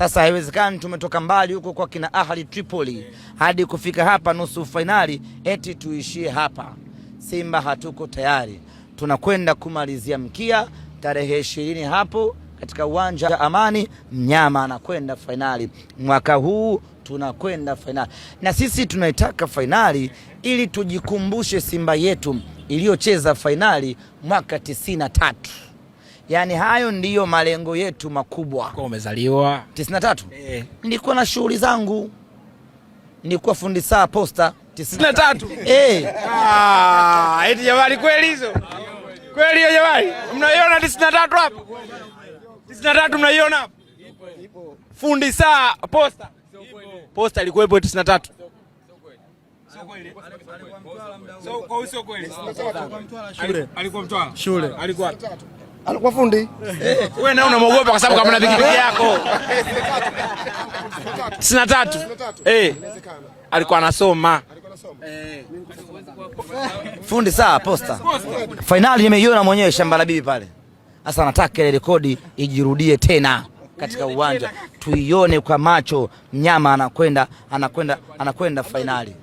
Sasa haiwezekani tumetoka mbali huko kwa kina Ahli Tripoli hadi kufika hapa nusu fainali eti tuishie hapa. Simba hatuko tayari, tunakwenda kumalizia mkia tarehe ishirini hapo katika uwanja wa Amani. Mnyama anakwenda fainali mwaka huu, tunakwenda fainali na sisi tunaitaka fainali ili tujikumbushe Simba yetu iliyocheza fainali mwaka tisini na tatu. Yaani hayo ndiyo malengo yetu makubwa. Kwa umezaliwa 93? Eh. Nilikuwa na shughuli zangu. Nilikuwa fundi saa posta 93. Eh. Ah, eti jamani kweli hizo? Kweli hiyo jamani? Mnaiona 93 hapo? 93 mnaiona hapo? Fundi saa posta. Posta ilikuwepo 93. Sio kweli. Alikuwa Mtwara shule. Alikuwa Mtwara. Shule. Alikuwa alikuwa fundi. Wewe nawe unamwogopa kwa sababu kama na pikipiki eh. yako sitini tatu eh. eh, alikuwa anasoma fundi saa posta. Fainali nimeiona mwenyewe shamba la bibi pale. Sasa nataka ile rekodi ijirudie tena katika uwanja tuione kwa macho, mnyama anakwenda anakwenda anakwenda fainali.